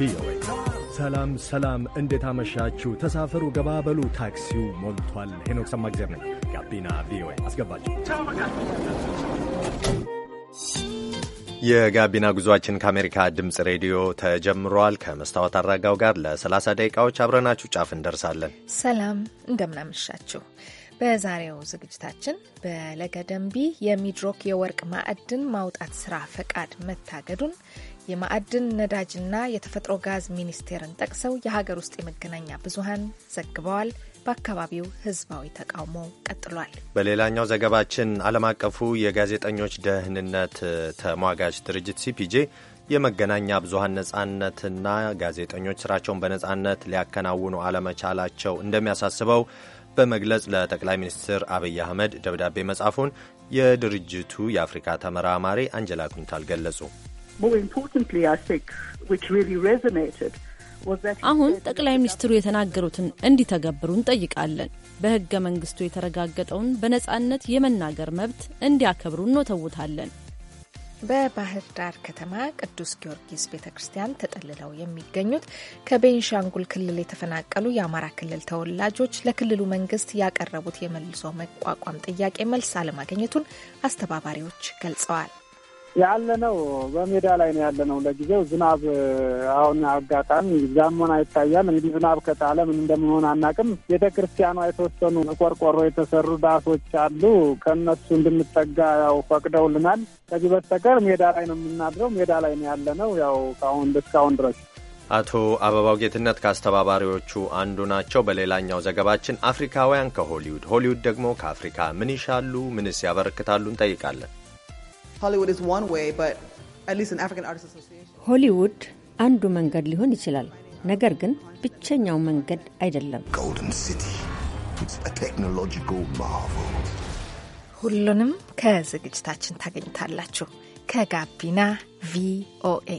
ቪኦኤ። ሰላም ሰላም፣ እንዴት አመሻችሁ? ተሳፈሩ፣ ገባበሉ፣ ታክሲው ሞልቷል። ሄኖክ ሰማግዜር ነኝ። ጋቢና ቪኦኤ አስገባችሁ። የጋቢና ጉዟችን ከአሜሪካ ድምፅ ሬዲዮ ተጀምሯል። ከመስታወት አራጋው ጋር ለ30 ደቂቃዎች አብረናችሁ ጫፍ እንደርሳለን። ሰላም እንደምናመሻችሁ። በዛሬው ዝግጅታችን በለገደምቢ የሚድሮክ የወርቅ ማዕድን ማውጣት ስራ ፈቃድ መታገዱን የማዕድን ነዳጅና የተፈጥሮ ጋዝ ሚኒስቴርን ጠቅሰው የሀገር ውስጥ የመገናኛ ብዙሀን ዘግበዋል። በአካባቢው ህዝባዊ ተቃውሞ ቀጥሏል። በሌላኛው ዘገባችን ዓለም አቀፉ የጋዜጠኞች ደህንነት ተሟጋች ድርጅት ሲፒጄ የመገናኛ ብዙሀን ነጻነትና ጋዜጠኞች ስራቸውን በነጻነት ሊያከናውኑ አለመቻላቸው እንደሚያሳስበው በመግለጽ ለጠቅላይ ሚኒስትር አብይ አህመድ ደብዳቤ መጻፉን የድርጅቱ የአፍሪካ ተመራማሪ አንጀላ ኩንታል ገለጹ። አሁን ጠቅላይ ሚኒስትሩ የተናገሩትን እንዲተገብሩ እንጠይቃለን። በሕገ መንግስቱ የተረጋገጠውን በነጻነት የመናገር መብት እንዲያከብሩ እንወተውታለን። በባህር ዳር ከተማ ቅዱስ ጊዮርጊስ ቤተ ክርስቲያን ተጠልለው የሚገኙት ከቤንሻንጉል ክልል የተፈናቀሉ የአማራ ክልል ተወላጆች ለክልሉ መንግስት ያቀረቡት የመልሶ መቋቋም ጥያቄ መልስ አለማግኘቱን አስተባባሪዎች ገልጸዋል። ያለ ነው። በሜዳ ላይ ነው ያለ ነው። ለጊዜው ዝናብ አሁን አጋጣሚ ዛሞና ይታያል። እንግዲህ ዝናብ ከጣለ ምን እንደምንሆን አናቅም። ቤተ ክርስቲያኗ የተወሰኑ ቆርቆሮ የተሰሩ ዳሶች አሉ። ከእነሱ እንድንጠጋ ያው ፈቅደውልናል። ከዚህ በስተቀር ሜዳ ላይ ነው የምናድረው። ሜዳ ላይ ነው ያለ ነው። ያው ከአሁን እስካሁን ድረስ አቶ አበባው ጌትነት ከአስተባባሪዎቹ አንዱ ናቸው። በሌላኛው ዘገባችን አፍሪካውያን ከሆሊውድ ሆሊውድ ደግሞ ከአፍሪካ ምን ይሻሉ፣ ምንስ ያበረክታሉ እንጠይቃለን። ሆሊውድ አንዱ መንገድ ሊሆን ይችላል፣ ነገር ግን ብቸኛው መንገድ አይደለም። ሁሉንም ከዝግጅታችን ታገኝታላችሁ። ከጋቢና ቪኦኤ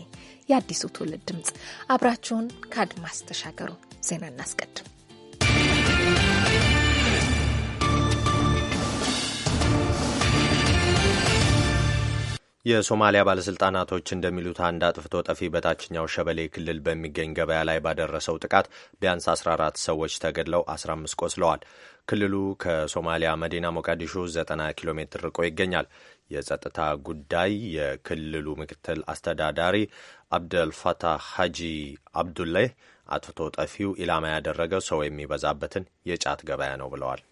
የአዲሱ ትውልድ ድምፅ አብራችሁን ከአድማስ ተሻገሩ። ዜና እናስቀድም። የሶማሊያ ባለሥልጣናቶች እንደሚሉት አንድ አጥፍቶ ጠፊ በታችኛው ሸበሌ ክልል በሚገኝ ገበያ ላይ ባደረሰው ጥቃት ቢያንስ 14 ሰዎች ተገድለው 15 ቆስለዋል። ክልሉ ከሶማሊያ መዲና ሞቃዲሾ 90 ኪሎ ሜትር ርቆ ይገኛል። የጸጥታ ጉዳይ የክልሉ ምክትል አስተዳዳሪ አብደልፈታህ ሐጂ አብዱላህ አጥፍቶ ጠፊው ኢላማ ያደረገው ሰው የሚበዛበትን የጫት ገበያ ነው ብለዋል።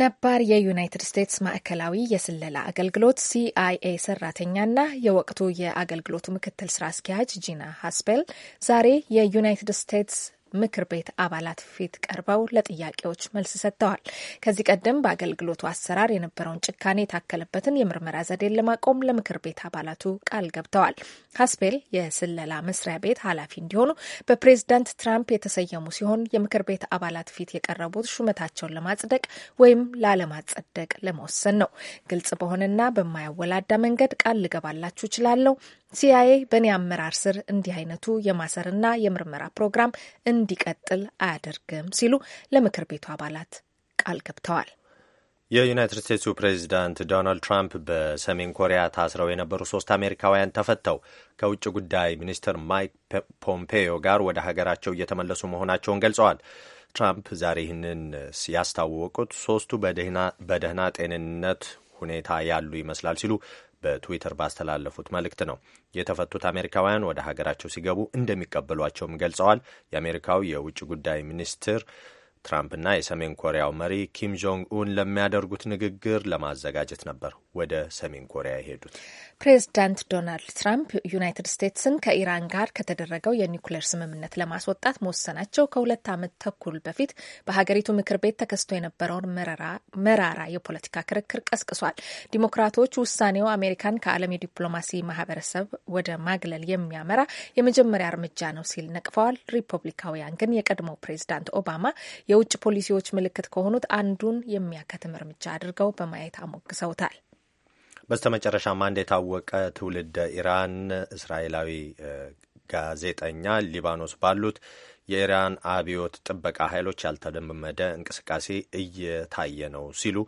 ነባር የዩናይትድ ስቴትስ ማዕከላዊ የስለላ አገልግሎት ሲአይኤ ሰራተኛና የወቅቱ የአገልግሎቱ ምክትል ስራ አስኪያጅ ጂና ሀስፔል ዛሬ የዩናይትድ ስቴትስ ምክር ቤት አባላት ፊት ቀርበው ለጥያቄዎች መልስ ሰጥተዋል። ከዚህ ቀደም በአገልግሎቱ አሰራር የነበረውን ጭካኔ የታከለበትን የምርመራ ዘዴን ለማቆም ለምክር ቤት አባላቱ ቃል ገብተዋል። ሀስፔል የስለላ መስሪያ ቤት ኃላፊ እንዲሆኑ በፕሬዝዳንት ትራምፕ የተሰየሙ ሲሆን የምክር ቤት አባላት ፊት የቀረቡት ሹመታቸውን ለማጽደቅ ወይም ላለማጸደቅ ለመወሰን ነው። ግልጽ በሆነና በማያወላዳ መንገድ ቃል ልገባላችሁ እችላለሁ ሲአይኤ በእኔ አመራር ስር እንዲህ አይነቱ የማሰርና የምርመራ ፕሮግራም እንዲቀጥል አያደርግም ሲሉ ለምክር ቤቱ አባላት ቃል ገብተዋል። የዩናይትድ ስቴትሱ ፕሬዚዳንት ዶናልድ ትራምፕ በሰሜን ኮሪያ ታስረው የነበሩ ሶስት አሜሪካውያን ተፈተው ከውጭ ጉዳይ ሚኒስትር ማይክ ፖምፔዮ ጋር ወደ ሀገራቸው እየተመለሱ መሆናቸውን ገልጸዋል። ትራምፕ ዛሬ ይህንን ያስታወቁት ሶስቱ በደህና ጤንነት ሁኔታ ያሉ ይመስላል ሲሉ በትዊተር ባስተላለፉት መልእክት ነው። የተፈቱት አሜሪካውያን ወደ ሀገራቸው ሲገቡ እንደሚቀበሏቸውም ገልጸዋል። የአሜሪካው የውጭ ጉዳይ ሚኒስትር ትራምፕና የሰሜን ኮሪያው መሪ ኪም ጆንግ ኡን ለሚያደርጉት ንግግር ለማዘጋጀት ነበር ወደ ሰሜን ኮሪያ የሄዱት። ፕሬዝዳንት ዶናልድ ትራምፕ ዩናይትድ ስቴትስን ከኢራን ጋር ከተደረገው የኒውክሌር ስምምነት ለማስወጣት መወሰናቸው ከሁለት ዓመት ተኩል በፊት በሀገሪቱ ምክር ቤት ተከስቶ የነበረውን መራራ የፖለቲካ ክርክር ቀስቅሷል። ዲሞክራቶች ውሳኔው አሜሪካን ከዓለም የዲፕሎማሲ ማህበረሰብ ወደ ማግለል የሚያመራ የመጀመሪያ እርምጃ ነው ሲል ነቅፈዋል። ሪፐብሊካውያን ግን የቀድሞው ፕሬዝዳንት ኦባማ የውጭ ፖሊሲዎች ምልክት ከሆኑት አንዱን የሚያከትም እርምጃ አድርገው በማየት አሞግሰውታል። በስተመጨረሻም አንድ የታወቀ ትውልደ ኢራን እስራኤላዊ ጋዜጠኛ ሊባኖስ ባሉት የኢራን አብዮት ጥበቃ ኃይሎች ያልተለመደ እንቅስቃሴ እየታየ ነው ሲሉ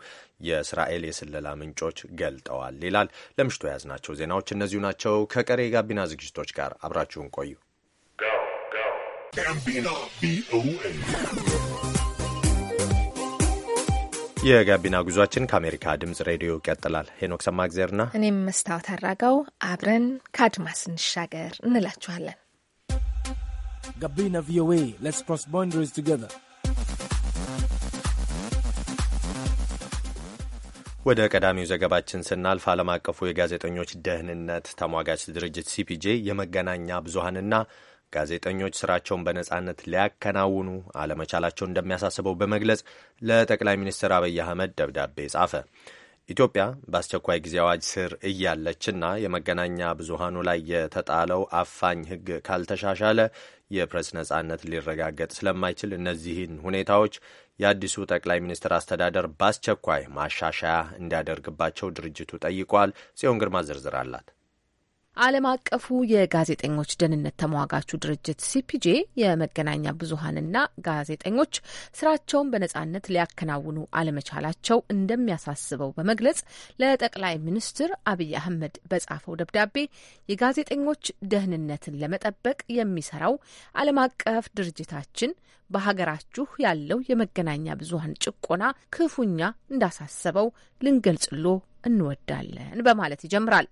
የእስራኤል የስለላ ምንጮች ገልጠዋል ይላል። ለምሽቱ የያዝናቸው ዜናዎች እነዚሁ ናቸው። ከቀሬ ጋቢና ዝግጅቶች ጋር አብራችሁን ቆዩ። የጋቢና ጉዟችን ከአሜሪካ ድምጽ ሬዲዮ ይቀጥላል። ሄኖክ ሰማእግዜርና እኔም መስታወት አራጋው አብረን ከአድማስ እንሻገር እንላችኋለን። ጋቢና ቪኦኤ ሌትስ ክሮስ ቦንደሪስ ቱጌዘር። ወደ ቀዳሚው ዘገባችን ስናልፍ ዓለም አቀፉ የጋዜጠኞች ደህንነት ተሟጋች ድርጅት ሲፒጄ የመገናኛ ብዙሀንና ጋዜጠኞች ስራቸውን በነጻነት ሊያከናውኑ አለመቻላቸው እንደሚያሳስበው በመግለጽ ለጠቅላይ ሚኒስትር አብይ አህመድ ደብዳቤ ጻፈ። ኢትዮጵያ በአስቸኳይ ጊዜ አዋጅ ስር እያለችና የመገናኛ ብዙሃኑ ላይ የተጣለው አፋኝ ሕግ ካልተሻሻለ የፕሬስ ነጻነት ሊረጋገጥ ስለማይችል እነዚህን ሁኔታዎች የአዲሱ ጠቅላይ ሚኒስትር አስተዳደር በአስቸኳይ ማሻሻያ እንዲያደርግባቸው ድርጅቱ ጠይቋል። ጽዮን ግርማ ዝርዝር አላት። ዓለም አቀፉ የጋዜጠኞች ደህንነት ተሟጋቹ ድርጅት ሲፒጄ የመገናኛ ብዙሀንና ጋዜጠኞች ስራቸውን በነጻነት ሊያከናውኑ አለመቻላቸው እንደሚያሳስበው በመግለጽ ለጠቅላይ ሚኒስትር አብይ አህመድ በጻፈው ደብዳቤ የጋዜጠኞች ደህንነትን ለመጠበቅ የሚሰራው ዓለም አቀፍ ድርጅታችን በሀገራችሁ ያለው የመገናኛ ብዙሀን ጭቆና ክፉኛ እንዳሳሰበው ልንገልጽሎ እንወዳለን በማለት ይጀምራል።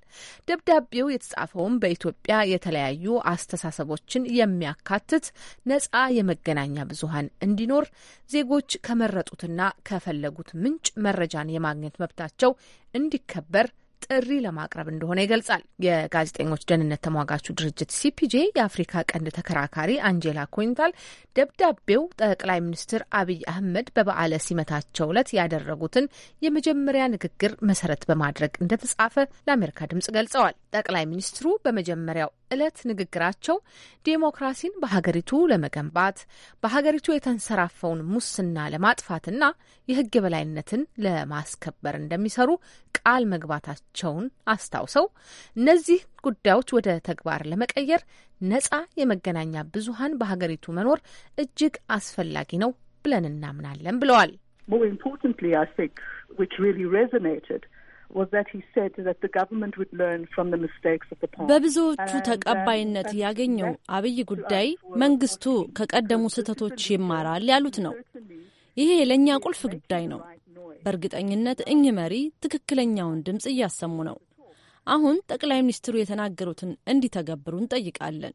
ደብዳቤው የተጻፈውም በኢትዮጵያ የተለያዩ አስተሳሰቦችን የሚያካትት ነጻ የመገናኛ ብዙሀን እንዲኖር ዜጎች ከመረጡትና ከፈለጉት ምንጭ መረጃን የማግኘት መብታቸው እንዲከበር ጥሪ ለማቅረብ እንደሆነ ይገልጻል። የጋዜጠኞች ደህንነት ተሟጋቹ ድርጅት ሲፒጄ የአፍሪካ ቀንድ ተከራካሪ አንጄላ ኮይንታል ደብዳቤው ጠቅላይ ሚኒስትር አብይ አህመድ በበዓለ ሲመታቸው እለት ያደረጉትን የመጀመሪያ ንግግር መሰረት በማድረግ እንደተጻፈ ለአሜሪካ ድምጽ ገልጸዋል። ጠቅላይ ሚኒስትሩ በመጀመሪያው ዕለት ንግግራቸው ዴሞክራሲን በሀገሪቱ ለመገንባት በሀገሪቱ የተንሰራፈውን ሙስና ለማጥፋትና የሕግ የበላይነትን ለማስከበር እንደሚሰሩ ቃል መግባታቸውን አስታውሰው እነዚህ ጉዳዮች ወደ ተግባር ለመቀየር ነጻ የመገናኛ ብዙሃን በሀገሪቱ መኖር እጅግ አስፈላጊ ነው ብለን እናምናለን ብለዋል። More importantly, I think, which really resonated በብዙዎቹ ተቀባይነት ያገኘው አብይ ጉዳይ መንግስቱ ከቀደሙ ስህተቶች ይማራል ያሉት ነው። ይሄ ለእኛ ቁልፍ ጉዳይ ነው። በእርግጠኝነት እኚህ መሪ ትክክለኛውን ድምፅ እያሰሙ ነው። አሁን ጠቅላይ ሚኒስትሩ የተናገሩትን እንዲተገብሩ እንጠይቃለን።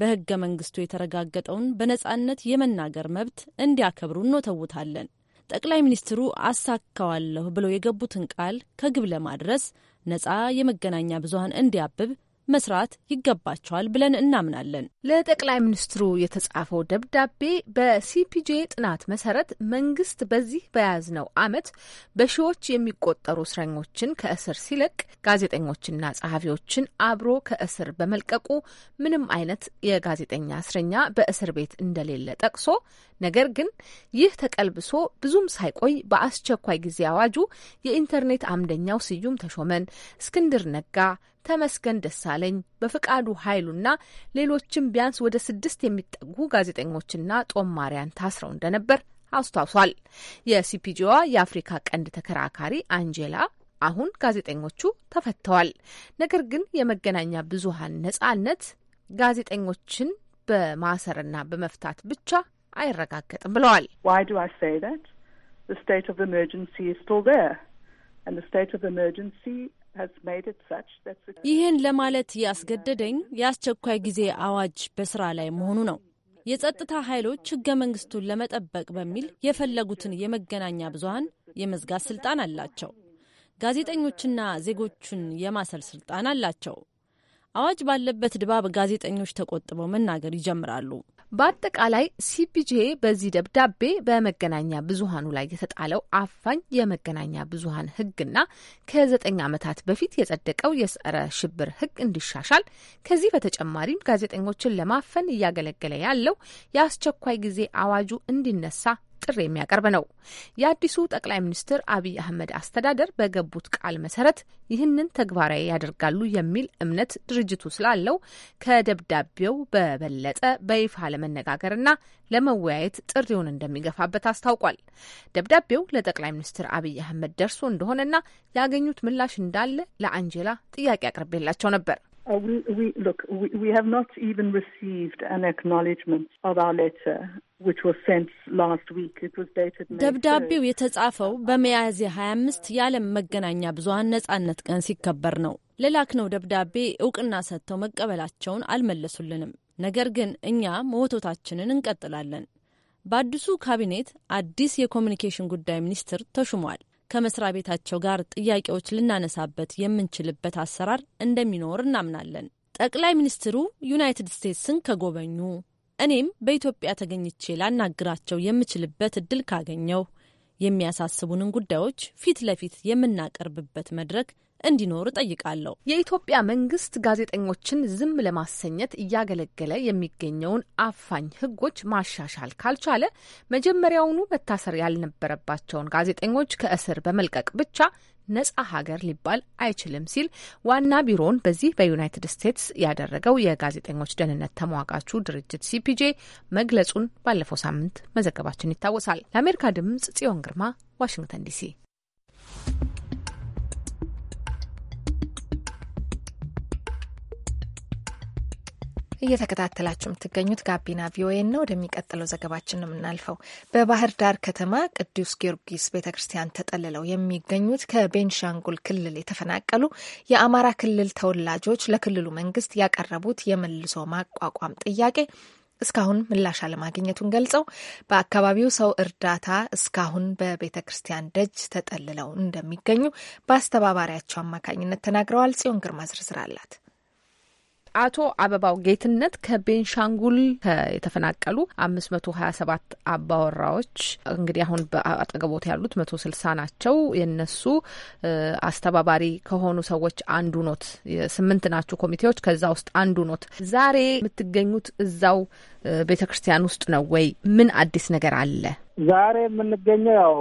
በህገ መንግስቱ የተረጋገጠውን በነጻነት የመናገር መብት እንዲያከብሩ እንወተውታለን። ጠቅላይ ሚኒስትሩ አሳካዋለሁ ብለው የገቡትን ቃል ከግብ ለማድረስ ነጻ የመገናኛ ብዙሀን እንዲያብብ መስራት ይገባቸዋል ብለን እናምናለን። ለጠቅላይ ሚኒስትሩ የተጻፈው ደብዳቤ በሲፒጄ ጥናት መሰረት መንግስት በዚህ በያዝነው አመት በሺዎች የሚቆጠሩ እስረኞችን ከእስር ሲለቅ ጋዜጠኞችና ጸሐፊዎችን አብሮ ከእስር በመልቀቁ ምንም አይነት የጋዜጠኛ እስረኛ በእስር ቤት እንደሌለ ጠቅሶ ነገር ግን ይህ ተቀልብሶ ብዙም ሳይቆይ በአስቸኳይ ጊዜ አዋጁ የኢንተርኔት አምደኛው ስዩም ተሾመን፣ እስክንድር ነጋ፣ ተመስገን ደሳለኝ፣ በፍቃዱ ኃይሉና ሌሎችም ቢያንስ ወደ ስድስት የሚጠጉ ጋዜጠኞችና ጦማሪያን ታስረው እንደነበር አስታውሷል። የሲፒጂዋ የአፍሪካ ቀንድ ተከራካሪ አንጄላ አሁን ጋዜጠኞቹ ተፈተዋል፣ ነገር ግን የመገናኛ ብዙሀን ነጻነት ጋዜጠኞችን በማሰርና በመፍታት ብቻ አይረጋገጥም ብለዋል። ይህን ለማለት ያስገደደኝ የአስቸኳይ ጊዜ አዋጅ በስራ ላይ መሆኑ ነው። የጸጥታ ኃይሎች ህገ መንግስቱን ለመጠበቅ በሚል የፈለጉትን የመገናኛ ብዙሀን የመዝጋት ስልጣን አላቸው። ጋዜጠኞችና ዜጎቹን የማሰር ስልጣን አላቸው። አዋጅ ባለበት ድባብ ጋዜጠኞች ተቆጥበው መናገር ይጀምራሉ። በአጠቃላይ ሲፒጄ በዚህ ደብዳቤ በመገናኛ ብዙሀኑ ላይ የተጣለው አፋኝ የመገናኛ ብዙሀን ህግና ከዘጠኝ ዓመታት በፊት የጸደቀው የጸረ ሽብር ህግ እንዲሻሻል ከዚህ በተጨማሪም ጋዜጠኞችን ለማፈን እያገለገለ ያለው የአስቸኳይ ጊዜ አዋጁ እንዲነሳ ጥሪ የሚያቀርብ ነው። የአዲሱ ጠቅላይ ሚኒስትር አብይ አህመድ አስተዳደር በገቡት ቃል መሰረት ይህንን ተግባራዊ ያደርጋሉ የሚል እምነት ድርጅቱ ስላለው ከደብዳቤው በበለጠ በይፋ ለመነጋገርና ለመወያየት ጥሪውን እንደሚገፋበት አስታውቋል። ደብዳቤው ለጠቅላይ ሚኒስትር አብይ አህመድ ደርሶ እንደሆነና ያገኙት ምላሽ እንዳለ ለአንጀላ ጥያቄ አቅርቤላቸው ነበር። Uh, we, we look. We, we have not even received an acknowledgement of our letter, ደብዳቤው የተጻፈው በሚያዝያ 25 የዓለም መገናኛ ብዙሀን ነጻነት ቀን ሲከበር ነው። ለላክነው ደብዳቤ እውቅና ሰጥተው መቀበላቸውን አልመለሱልንም። ነገር ግን እኛ መወቶታችንን እንቀጥላለን። በአዲሱ ካቢኔት አዲስ የኮሚኒኬሽን ጉዳይ ሚኒስትር ተሹሟል። ከመስሪያ ቤታቸው ጋር ጥያቄዎች ልናነሳበት የምንችልበት አሰራር እንደሚኖር እናምናለን። ጠቅላይ ሚኒስትሩ ዩናይትድ ስቴትስን ከጎበኙ እኔም በኢትዮጵያ ተገኝቼ ላናግራቸው የምችልበት እድል ካገኘው የሚያሳስቡንን ጉዳዮች ፊት ለፊት የምናቀርብበት መድረክ እንዲኖር ጠይቃለሁ። የኢትዮጵያ መንግስት ጋዜጠኞችን ዝም ለማሰኘት እያገለገለ የሚገኘውን አፋኝ ሕጎች ማሻሻል ካልቻለ መጀመሪያውኑ መታሰር ያልነበረባቸውን ጋዜጠኞች ከእስር በመልቀቅ ብቻ ነጻ ሀገር ሊባል አይችልም ሲል ዋና ቢሮውን በዚህ በዩናይትድ ስቴትስ ያደረገው የጋዜጠኞች ደህንነት ተሟጋቹ ድርጅት ሲፒጄ መግለጹን ባለፈው ሳምንት መዘገባችን ይታወሳል። ለአሜሪካ ድምጽ ጽዮን ግርማ ዋሽንግተን ዲሲ። እየተከታተላችሁ የምትገኙት ጋቢና ቪኦኤ ነው። ወደሚቀጥለው ዘገባችን ነው የምናልፈው። በባህር ዳር ከተማ ቅዱስ ጊዮርጊስ ቤተ ክርስቲያን ተጠልለው የሚገኙት ከቤንሻንጉል ክልል የተፈናቀሉ የአማራ ክልል ተወላጆች ለክልሉ መንግስት ያቀረቡት የመልሶ ማቋቋም ጥያቄ እስካሁን ምላሽ አለማግኘቱን ገልጸው በአካባቢው ሰው እርዳታ እስካሁን በቤተ ክርስቲያን ደጅ ተጠልለው እንደሚገኙ በአስተባባሪያቸው አማካኝነት ተናግረዋል። ጽዮን ግርማ ዝርዝር አላት። አቶ አበባው ጌትነት ከቤንሻንጉል የተፈናቀሉ አምስት መቶ ሀያ ሰባት አባወራዎች እንግዲህ አሁን በአጠገቦት ያሉት መቶ ስልሳ ናቸው። የነሱ አስተባባሪ ከሆኑ ሰዎች አንዱ ኖት። ስምንት ናችሁ ኮሚቴዎች፣ ከዛ ውስጥ አንዱ ኖት። ዛሬ የምትገኙት እዛው ቤተ ክርስቲያን ውስጥ ነው ወይ? ምን አዲስ ነገር አለ? ዛሬ የምንገኘው ያው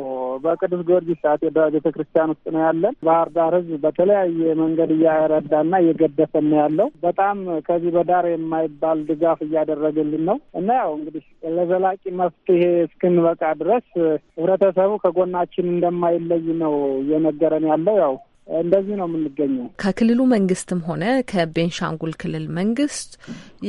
በቅዱስ ጊዮርጊስ ካቴድራል ቤተ ክርስቲያን ውስጥ ነው ያለን። ባህር ዳር ህዝብ በተለያየ መንገድ እያረዳና እየገደሰን ነው ያለው። በጣም ከዚህ በዳር የማይባል ድጋፍ እያደረገልን ነው እና ያው እንግዲህ ለዘላቂ መፍትሄ እስክንበቃ ድረስ ህብረተሰቡ ከጎናችን እንደማይለይ ነው እየነገረን ያለው ያው እንደዚህ ነው የምንገኘው። ከክልሉ መንግስትም ሆነ ከቤንሻንጉል ክልል መንግስት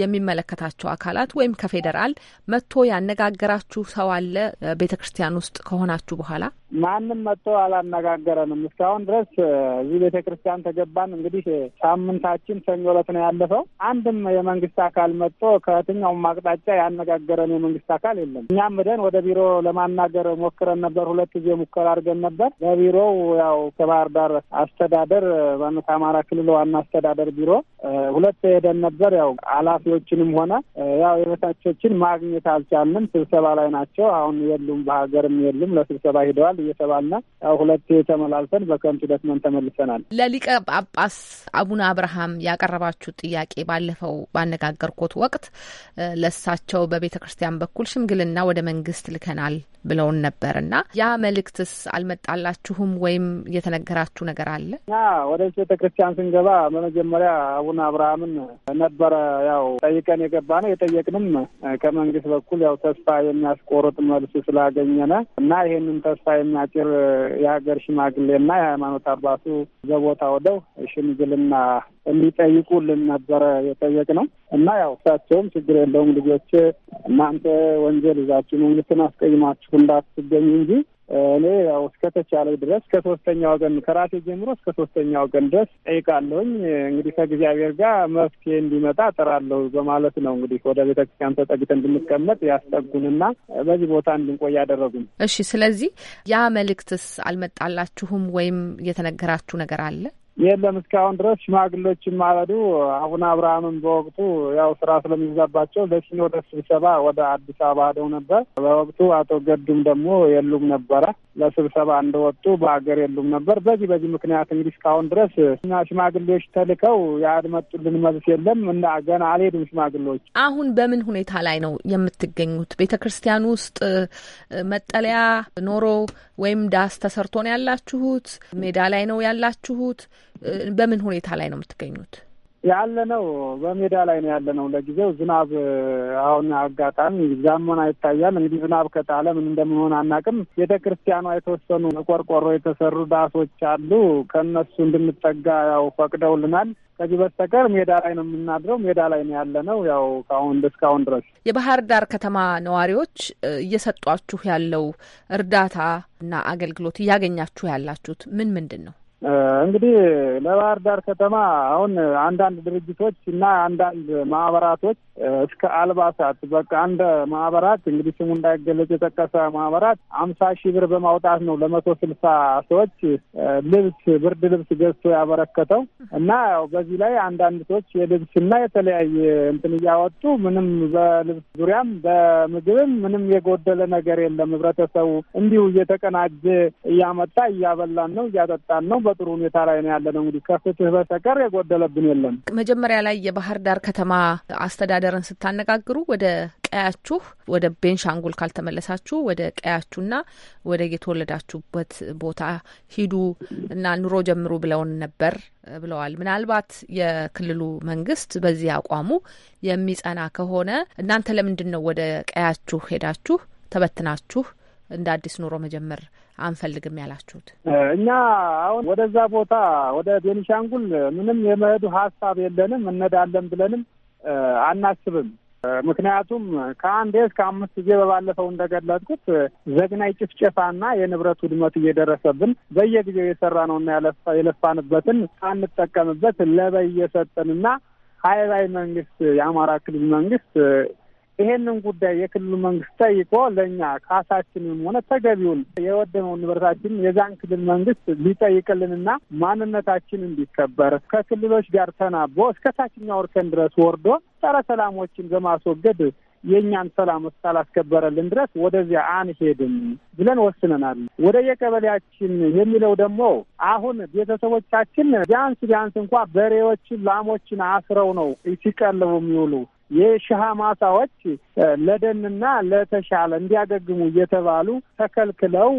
የሚመለከታቸው አካላት ወይም ከፌዴራል መጥቶ ያነጋገራችሁ ሰው አለ? ቤተ ክርስቲያን ውስጥ ከሆናችሁ በኋላ ማንም መጥቶ አላነጋገረንም እስካሁን ድረስ። እዚህ ቤተ ክርስቲያን ተገባን እንግዲህ ሳምንታችን ሰኞ ዕለት ነው ያለፈው። አንድም የመንግስት አካል መጥቶ ከየትኛውም አቅጣጫ ያነጋገረን የመንግስት አካል የለም። እኛም ብደን ወደ ቢሮ ለማናገር ሞክረን ነበር። ሁለት ጊዜ ሙከራ አድርገን ነበር። በቢሮው ያው ከባህር ዳር አስተዳደር ማለት አማራ ክልል ዋና አስተዳደር ቢሮ ሁለት ሄደን ነበር። ያው ኃላፊዎችንም ሆነ ያው የበታቾችን ማግኘት አልቻልንም። ስብሰባ ላይ ናቸው። አሁን የሉም፣ በሀገርም የሉም። ለስብሰባ ሂደዋል እየተባልና ያው ሁለት ተመላልሰን በከንቱ ደክመን ተመልሰናል። ለሊቀ ጳጳስ አቡነ አብርሃም ያቀረባችሁ ጥያቄ ባለፈው ባነጋገርኩት ወቅት ለሳቸው በቤተ ክርስቲያን በኩል ሽምግልና ወደ መንግስት ልከናል ብለውን ነበር እና ያ መልእክትስ አልመጣላችሁም ወይም የተነገራችሁ ነገር አለ? ወደ ቤተ ክርስቲያን ስንገባ በመጀመሪያ አቡነ አብርሃምን ነበረ ያው ጠይቀን የገባ ነው። የጠየቅንም ከመንግስት በኩል ያው ተስፋ የሚያስቆርጥ መልስ ስላገኘነ እና ይሄንን ተስፋ የሚያጭር የሀገር ሽማግሌና የሃይማኖት አባቱ በቦታ ወደው ሽምግልና እንዲጠይቁልን ነበረ የጠየቅነው እና ያው እሳቸውም ችግር የለውም ልጆች እናንተ ወንጀል ይዛችሁ መንግስትን አስቀይማችሁ እንዳትገኙ እንጂ እኔ ያው እስከተቻለ ድረስ ከሶስተኛ ወገን ከራሴ ጀምሮ እስከ ሶስተኛ ወገን ድረስ ጠይቃለሁኝ። እንግዲህ ከእግዚአብሔር ጋር መፍትሄ እንዲመጣ እጠራለሁ በማለት ነው እንግዲህ ወደ ቤተ ክርስቲያን ተጠግተን እንድንቀመጥ ያስጠጉንና በዚህ ቦታ እንድንቆይ ያደረጉን። እሺ፣ ስለዚህ ያ መልእክትስ አልመጣላችሁም ወይም የተነገራችሁ ነገር አለ? የለም እስካሁን ድረስ ሽማግሌዎችም ማለዱ አቡነ አብርሃምን በወቅቱ ያው ስራ ስለሚዛባቸው ለሲኖዶስ ስብሰባ ወደ አዲስ አበባ ሄደው ነበር። በወቅቱ አቶ ገዱም ደግሞ የሉም ነበረ። ለስብሰባ እንደወጡ በሀገር የሉም ነበር። በዚህ በዚህ ምክንያት እንግዲህ እስካሁን ድረስ እና ሽማግሌዎች ተልከው ያልመጡልን መልስ የለም እና ገና አልሄዱም ሽማግሌዎች። አሁን በምን ሁኔታ ላይ ነው የምትገኙት? ቤተ ክርስቲያን ውስጥ መጠለያ ኖሮ ወይም ዳስ ተሰርቶ ነው ያላችሁት? ሜዳ ላይ ነው ያላችሁት? በምን ሁኔታ ላይ ነው የምትገኙት? ያለ ነው። በሜዳ ላይ ነው ያለ ነው። ለጊዜው ዝናብ አሁን አጋጣሚ ዛመና ይታያል። እንግዲህ ዝናብ ከጣለ ምን እንደምንሆን አናቅም። ቤተ ክርስቲያኗ የተወሰኑ ቆርቆሮ የተሰሩ ዳሶች አሉ። ከእነሱ እንድንጠጋ ያው ፈቅደውልናል። ከዚህ በስተቀር ሜዳ ላይ ነው የምናድረው። ሜዳ ላይ ነው ያለ ነው ያው ከአሁን እስካሁን ድረስ የባህር ዳር ከተማ ነዋሪዎች እየሰጧችሁ ያለው እርዳታ እና አገልግሎት እያገኛችሁ ያላችሁት ምን ምንድን ነው? እንግዲህ ለባህር ዳር ከተማ አሁን አንዳንድ ድርጅቶች እና አንዳንድ ማህበራቶች እስከ አልባሳት በቃ አንድ ማህበራት እንግዲህ ስሙ እንዳይገለጽ የጠቀሰ ማህበራት አምሳ ሺህ ብር በማውጣት ነው ለመቶ ስልሳ ሰዎች ልብስ ብርድ ልብስ ገዝቶ ያበረከተው እና ያው በዚህ ላይ አንዳንድ ሰዎች የልብስ እና የተለያየ እንትን እያወጡ ምንም በልብስ ዙሪያም በምግብም ምንም የጎደለ ነገር የለም። ህብረተሰቡ እንዲሁ እየተቀናጀ እያመጣ እያበላን ነው እያጠጣን ነው። በጥሩ ሁኔታ ላይ ነው ያለ ነው። እንግዲህ ከፍትህ በስተቀር የጎደለብን የለም። መጀመሪያ ላይ የባህር ዳር ከተማ አስተዳደርን ስታነጋግሩ ወደ ቀያችሁ ወደ ቤንሻንጉል ካልተመለሳችሁ ወደ ቀያችሁና ወደ የተወለዳችሁበት ቦታ ሂዱ እና ኑሮ ጀምሩ ብለውን ነበር ብለዋል። ምናልባት የክልሉ መንግስት በዚህ አቋሙ የሚጸና ከሆነ እናንተ ለምንድን ነው ወደ ቀያችሁ ሄዳችሁ ተበትናችሁ እንደ አዲስ ኑሮ መጀመር አንፈልግም ያላችሁት? እኛ አሁን ወደዛ ቦታ ወደ ቤኒሻንጉል ምንም የመሄዱ ሀሳብ የለንም፣ እነዳለን ብለንም አናስብም። ምክንያቱም ከአንድ እስከ አምስት ጊዜ በባለፈው እንደገለጥኩት ዘግናይ ጭፍጨፋና የንብረት ውድመት እየደረሰብን በየጊዜው የሰራ ነውና የለፋንበትን አንጠቀምበት ለበይ ሀይላዊ መንግስት የአማራ ክልል መንግስት ይሄንን ጉዳይ የክልሉ መንግስት ጠይቆ ለእኛ ካሳችንም ሆነ ተገቢውን የወደመው ንብረታችን የዛን ክልል መንግስት ሊጠይቅልንና ማንነታችን እንዲከበር ከክልሎች ጋር ተናቦ እስከ ታችኛው እርከን ድረስ ወርዶ ጸረ ሰላሞችን በማስወገድ የእኛን ሰላም እስካላስከበረልን ድረስ ወደዚያ አንሄድም ብለን ወስነናል። ወደ የቀበሌያችን የሚለው ደግሞ አሁን ቤተሰቦቻችን ቢያንስ ቢያንስ እንኳ በሬዎችን፣ ላሞችን አስረው ነው ሲቀልቡ የሚውሉ የሽሀ ማሳዎች ለደንና ለተሻለ እንዲያገግሙ እየተባሉ ተከልክለው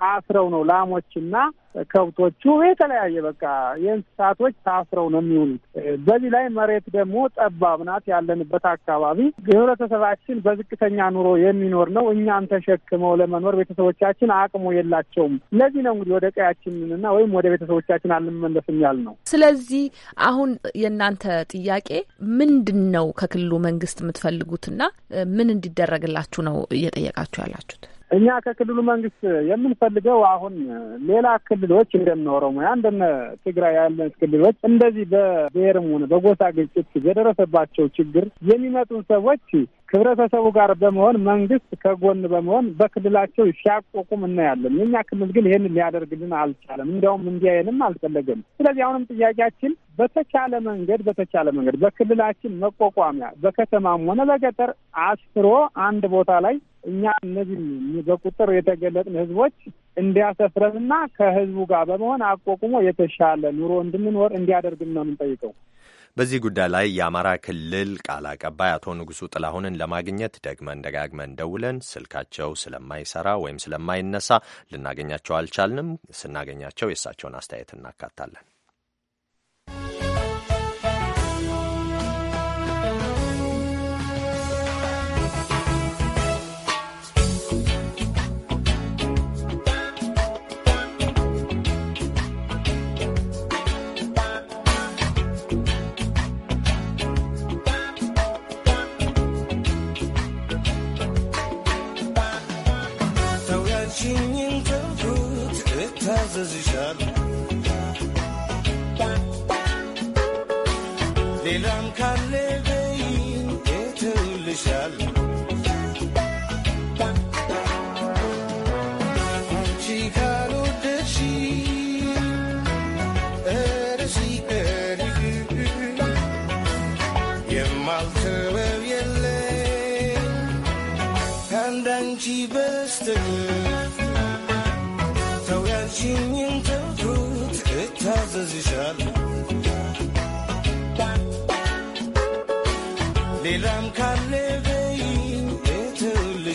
ታስረው ነው ላሞችና ከብቶቹ የተለያየ በቃ የእንስሳቶች ታስረው ነው የሚውሉት። በዚህ ላይ መሬት ደግሞ ጠባብ ናት። ያለንበት አካባቢ የህብረተሰባችን በዝቅተኛ ኑሮ የሚኖር ነው። እኛን ተሸክመው ለመኖር ቤተሰቦቻችን አቅሙ የላቸውም። ለዚህ ነው እንግዲህ ወደ ቀያችንና ወይም ወደ ቤተሰቦቻችን አልመለስም ያል ነው። ስለዚህ አሁን የእናንተ ጥያቄ ምንድን ነው? ከክልሉ መንግስት የምትፈልጉትና ምን እንዲደረግላችሁ ነው እየጠየቃችሁ ያላችሁት? እኛ ከክልሉ መንግስት የምንፈልገው አሁን ሌላ ክልሎች እንደነ ኦሮሚያ እንደነ ትግራይ ያለ ክልሎች እንደዚህ በብሔርም ሆነ በጎሳ ግጭት የደረሰባቸው ችግር የሚመጡን ሰዎች ህብረተሰቡ ጋር በመሆን መንግስት ከጎን በመሆን በክልላቸው ሲያቆቁም እናያለን። የእኛ ክልል ግን ይህን ሊያደርግልን አልቻለም። እንዲያውም እንዲያየንም አልፈለገም። ስለዚህ አሁንም ጥያቄያችን በተቻለ መንገድ በተቻለ መንገድ በክልላችን መቋቋሚያ በከተማም ሆነ በገጠር አስፍሮ አንድ ቦታ ላይ እኛ እነዚህ በቁጥር የተገለጥን ህዝቦች እንዲያሰፍረንና ከህዝቡ ጋር በመሆን አቋቁሞ የተሻለ ኑሮ እንድንኖር እንዲያደርግን ነው የምንጠይቀው። በዚህ ጉዳይ ላይ የአማራ ክልል ቃል አቀባይ አቶ ንጉሱ ጥላሁንን ለማግኘት ደግመን ደጋግመን ደውለን ስልካቸው ስለማይሰራ ወይም ስለማይነሳ ልናገኛቸው አልቻልንም። ስናገኛቸው የእሳቸውን አስተያየት እናካታለን። ይታዘዝሻል ሌላም ካለ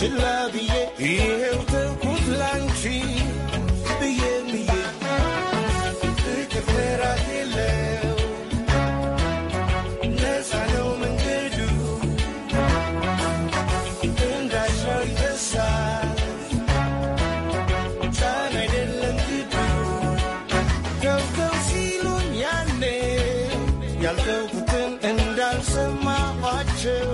ችላ ብዬ ይሄው ተውኩት ላንቺ ብዬ ብዬ ፍቅር የለው ነሳ ነው መንገዱ እንዳሻው ይደሳል ጫን አይደለም ግዱ ገብተው ሲሉን ያኔ ያልተውኩትን እንዳልሰማኋቸው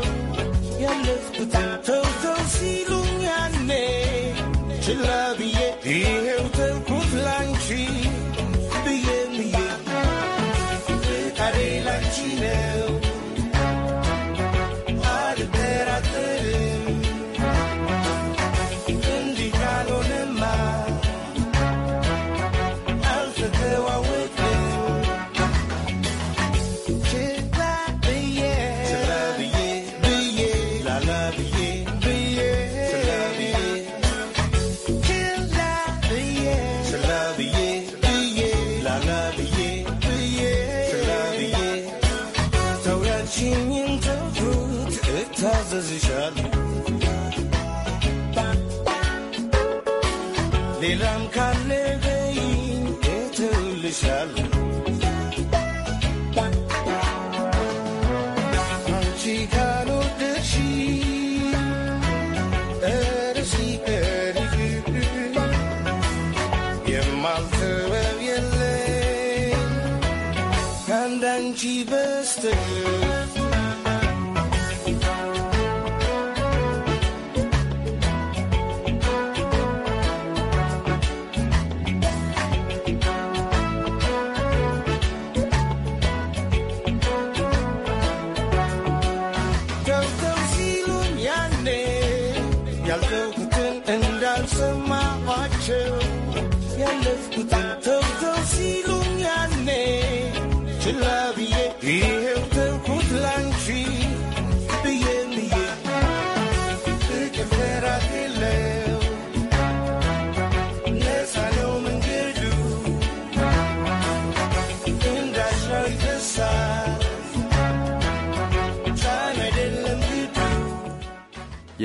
Celaviye. you. ሌላም ካለ በይኝ፣ የትውልሻለ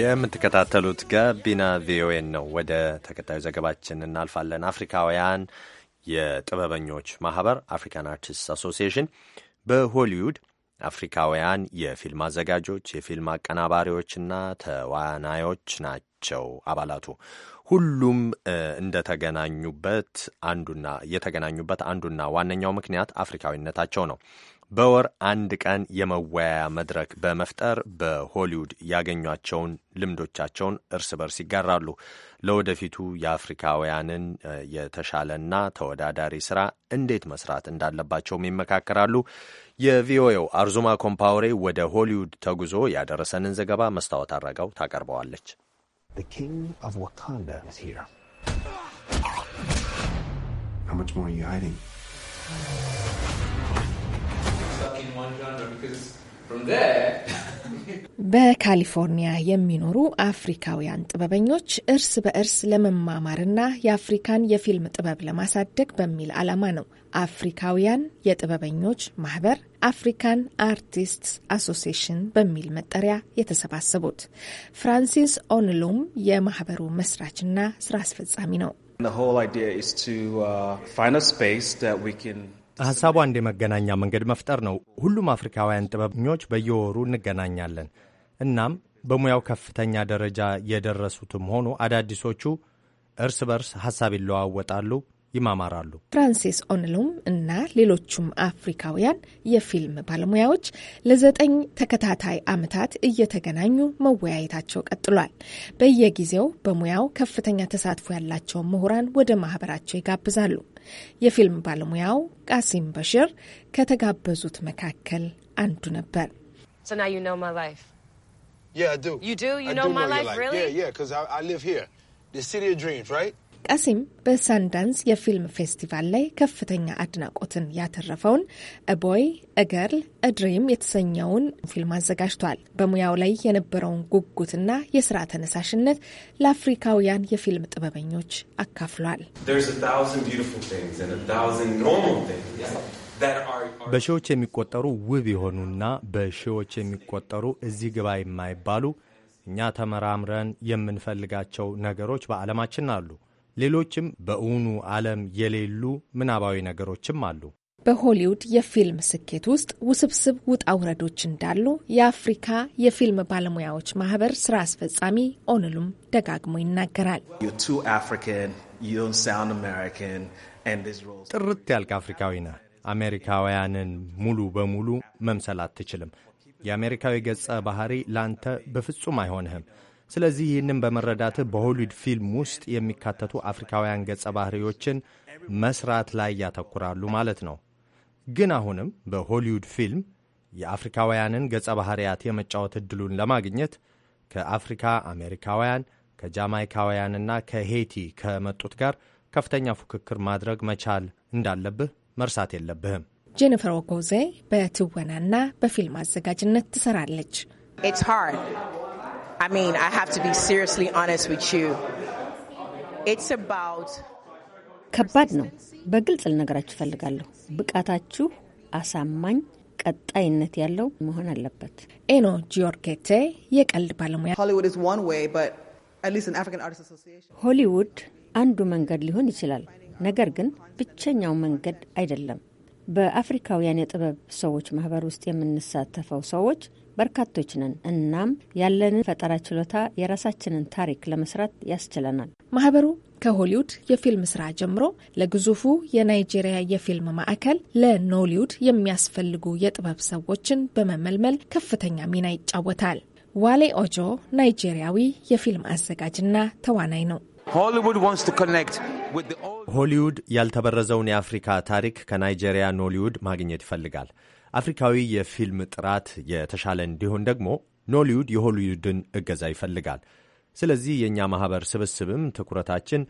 የምትከታተሉት ጋቢና ቪኦኤን ነው። ወደ ተከታዩ ዘገባችን እናልፋለን። አፍሪካውያን የጥበበኞች ማህበር አፍሪካን አርቲስት አሶሲሽን በሆሊውድ አፍሪካውያን የፊልም አዘጋጆች፣ የፊልም አቀናባሪዎችና ተዋናዮች ናቸው አባላቱ። ሁሉም እንደተገናኙበት አንዱና የተገናኙበት አንዱና ዋነኛው ምክንያት አፍሪካዊነታቸው ነው። በወር አንድ ቀን የመወያያ መድረክ በመፍጠር በሆሊውድ ያገኟቸውን ልምዶቻቸውን እርስ በርስ ይጋራሉ። ለወደፊቱ የአፍሪካውያንን የተሻለና ተወዳዳሪ ስራ እንዴት መስራት እንዳለባቸውም ይመካከራሉ። የቪኦኤው አርዙማ ኮምፓውሬ ወደ ሆሊውድ ተጉዞ ያደረሰንን ዘገባ መስታወት አረጋው ታቀርበዋለች። How much more are you hiding? በካሊፎርኒያ የሚኖሩ አፍሪካውያን ጥበበኞች እርስ በእርስ ለመማማርና የአፍሪካን የፊልም ጥበብ ለማሳደግ በሚል ዓላማ ነው አፍሪካውያን የጥበበኞች ማህበር አፍሪካን አርቲስትስ አሶሲሽን በሚል መጠሪያ የተሰባሰቡት። ፍራንሲስ ኦንሉም የማህበሩ መስራችና ስራ አስፈጻሚ ነው። ሀሳቡ አንድ የመገናኛ መንገድ መፍጠር ነው። ሁሉም አፍሪካውያን ጥበበኞች በየወሩ እንገናኛለን። እናም በሙያው ከፍተኛ ደረጃ የደረሱትም ሆኑ አዳዲሶቹ እርስ በርስ ሀሳብ ይለዋወጣሉ፣ ይማማራሉ። ፍራንሲስ ኦንሉም እና ሌሎቹም አፍሪካውያን የፊልም ባለሙያዎች ለዘጠኝ ተከታታይ ዓመታት እየተገናኙ መወያየታቸው ቀጥሏል። በየጊዜው በሙያው ከፍተኛ ተሳትፎ ያላቸውን ምሁራን ወደ ማህበራቸው ይጋብዛሉ። የፊልም ባለሙያው ቃሲም በሽር ከተጋበዙት መካከል አንዱ ነበር። Yeah, I do. You do? You I know do my know life, life, really? Yeah, yeah, because I, I live here. The city of dreams, right? ቃሲም በሳንዳንስ የፊልም ፌስቲቫል ላይ ከፍተኛ አድናቆትን ያተረፈውን እቦይ እገርል እድሪም የተሰኘውን ፊልም አዘጋጅቷል። በሙያው ላይ የነበረውን ጉጉትና የስራ ተነሳሽነት ለአፍሪካውያን የፊልም ጥበበኞች አካፍሏል። በሺዎች የሚቆጠሩ ውብ የሆኑና በሺዎች የሚቆጠሩ እዚህ ግባ የማይባሉ እኛ ተመራምረን የምንፈልጋቸው ነገሮች በዓለማችን አሉ። ሌሎችም በእውኑ ዓለም የሌሉ ምናባዊ ነገሮችም አሉ። በሆሊውድ የፊልም ስኬት ውስጥ ውስብስብ ውጣ ውረዶች እንዳሉ የአፍሪካ የፊልም ባለሙያዎች ማህበር ስራ አስፈጻሚ ኦንሉም ደጋግሞ ይናገራል። ጥርት ያልክ አፍሪካዊ ነህ። አሜሪካውያንን ሙሉ በሙሉ መምሰል አትችልም። የአሜሪካዊ ገጸ ባህሪ ላንተ በፍጹም አይሆንህም። ስለዚህ ይህንን በመረዳት በሆሊውድ ፊልም ውስጥ የሚካተቱ አፍሪካውያን ገጸ ባህሪዎችን መስራት ላይ ያተኩራሉ ማለት ነው። ግን አሁንም በሆሊውድ ፊልም የአፍሪካውያንን ገጸ ባህሪያት የመጫወት ዕድሉን ለማግኘት ከአፍሪካ አሜሪካውያን፣ ከጃማይካውያንና ከሄይቲ ከመጡት ጋር ከፍተኛ ፉክክር ማድረግ መቻል እንዳለብህ መርሳት የለብህም። ጄኒፈር ኦጎዜ በትወናና በፊልም አዘጋጅነት ትሰራለች። I mean, I have to be seriously honest with you. It's about ከባድ ነው። በግልጽ ልነገራችሁ እፈልጋለሁ። ብቃታችሁ አሳማኝ ቀጣይነት ያለው መሆን አለበት። ኤኖ ጂዮርጌቴ የቀልድ ባለሙያ፣ ሆሊውድ አንዱ መንገድ ሊሆን ይችላል፣ ነገር ግን ብቸኛው መንገድ አይደለም። በአፍሪካውያን የጥበብ ሰዎች ማህበር ውስጥ የምንሳተፈው ሰዎች በርካቶች ነን። እናም ያለንን ፈጠራ ችሎታ የራሳችንን ታሪክ ለመስራት ያስችለናል። ማህበሩ ከሆሊውድ የፊልም ስራ ጀምሮ ለግዙፉ የናይጄሪያ የፊልም ማዕከል ለኖሊውድ የሚያስፈልጉ የጥበብ ሰዎችን በመመልመል ከፍተኛ ሚና ይጫወታል። ዋሌ ኦጆ ናይጄሪያዊ የፊልም አዘጋጅና ተዋናይ ነው። ሆሊውድ ያልተበረዘውን የአፍሪካ ታሪክ ከናይጄሪያ ኖሊውድ ማግኘት ይፈልጋል። አፍሪካዊ የፊልም ጥራት የተሻለ እንዲሆን ደግሞ ኖሊውድ የሆሊውድን እገዛ ይፈልጋል። ስለዚህ የእኛ ማኅበር ስብስብም ትኩረታችን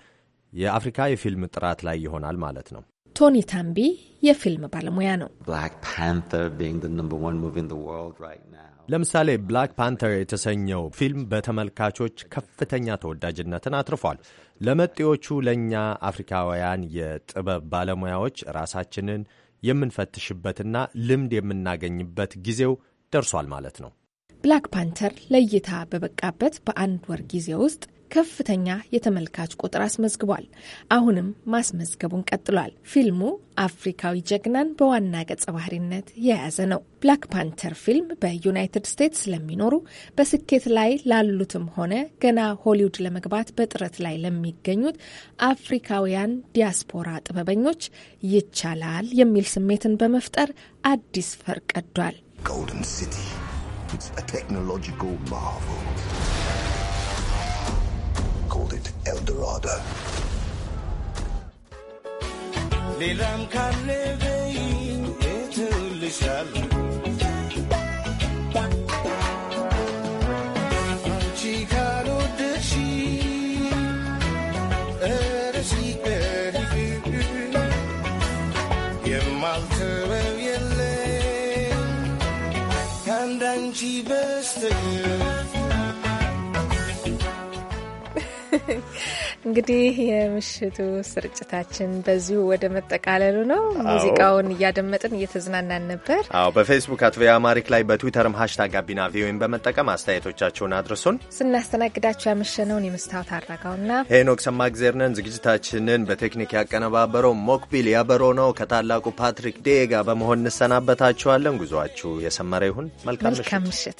የአፍሪካ የፊልም ጥራት ላይ ይሆናል ማለት ነው። ቶኒ ታምቢ የፊልም ባለሙያ ነው። ለምሳሌ ብላክ ፓንተር የተሰኘው ፊልም በተመልካቾች ከፍተኛ ተወዳጅነትን አትርፏል። ለመጤዎቹ ለእኛ አፍሪካውያን የጥበብ ባለሙያዎች ራሳችንን የምንፈትሽበትና ልምድ የምናገኝበት ጊዜው ደርሷል ማለት ነው። ብላክ ፓንተር ለእይታ በበቃበት በአንድ ወር ጊዜ ውስጥ ከፍተኛ የተመልካች ቁጥር አስመዝግቧል። አሁንም ማስመዝገቡን ቀጥሏል። ፊልሙ አፍሪካዊ ጀግናን በዋና ገጸ ባህሪነት የያዘ ነው። ብላክ ፓንተር ፊልም በዩናይትድ ስቴትስ ለሚኖሩ በስኬት ላይ ላሉትም ሆነ ገና ሆሊውድ ለመግባት በጥረት ላይ ለሚገኙት አፍሪካውያን ዲያስፖራ ጥበበኞች ይቻላል የሚል ስሜትን በመፍጠር አዲስ ፈር ቀዷል። called it El Dorado. እንግዲህ የምሽቱ ስርጭታችን በዚሁ ወደ መጠቃለሉ ነው። ሙዚቃውን እያደመጥን እየተዝናናን ነበር። አዎ፣ በፌስቡክ አት ቪኦኤ አማሪክ ላይ በትዊተርም ሀሽታግ ጋቢና ቪኦኤን በመጠቀም አስተያየቶቻቸውን አድርሱን። ስናስተናግዳችሁ ያመሸነውን የመስታወት አድረጋውና ሄኖክ ሰማግዜር ዝግጅታችንን በቴክኒክ ያቀነባበረው ሞክቢል ያበሮ ነው። ከታላቁ ፓትሪክ ዴ ጋር በመሆን እንሰናበታችኋለን። ጉዟችሁ የሰመረ ይሁን። መልካም ምሽት።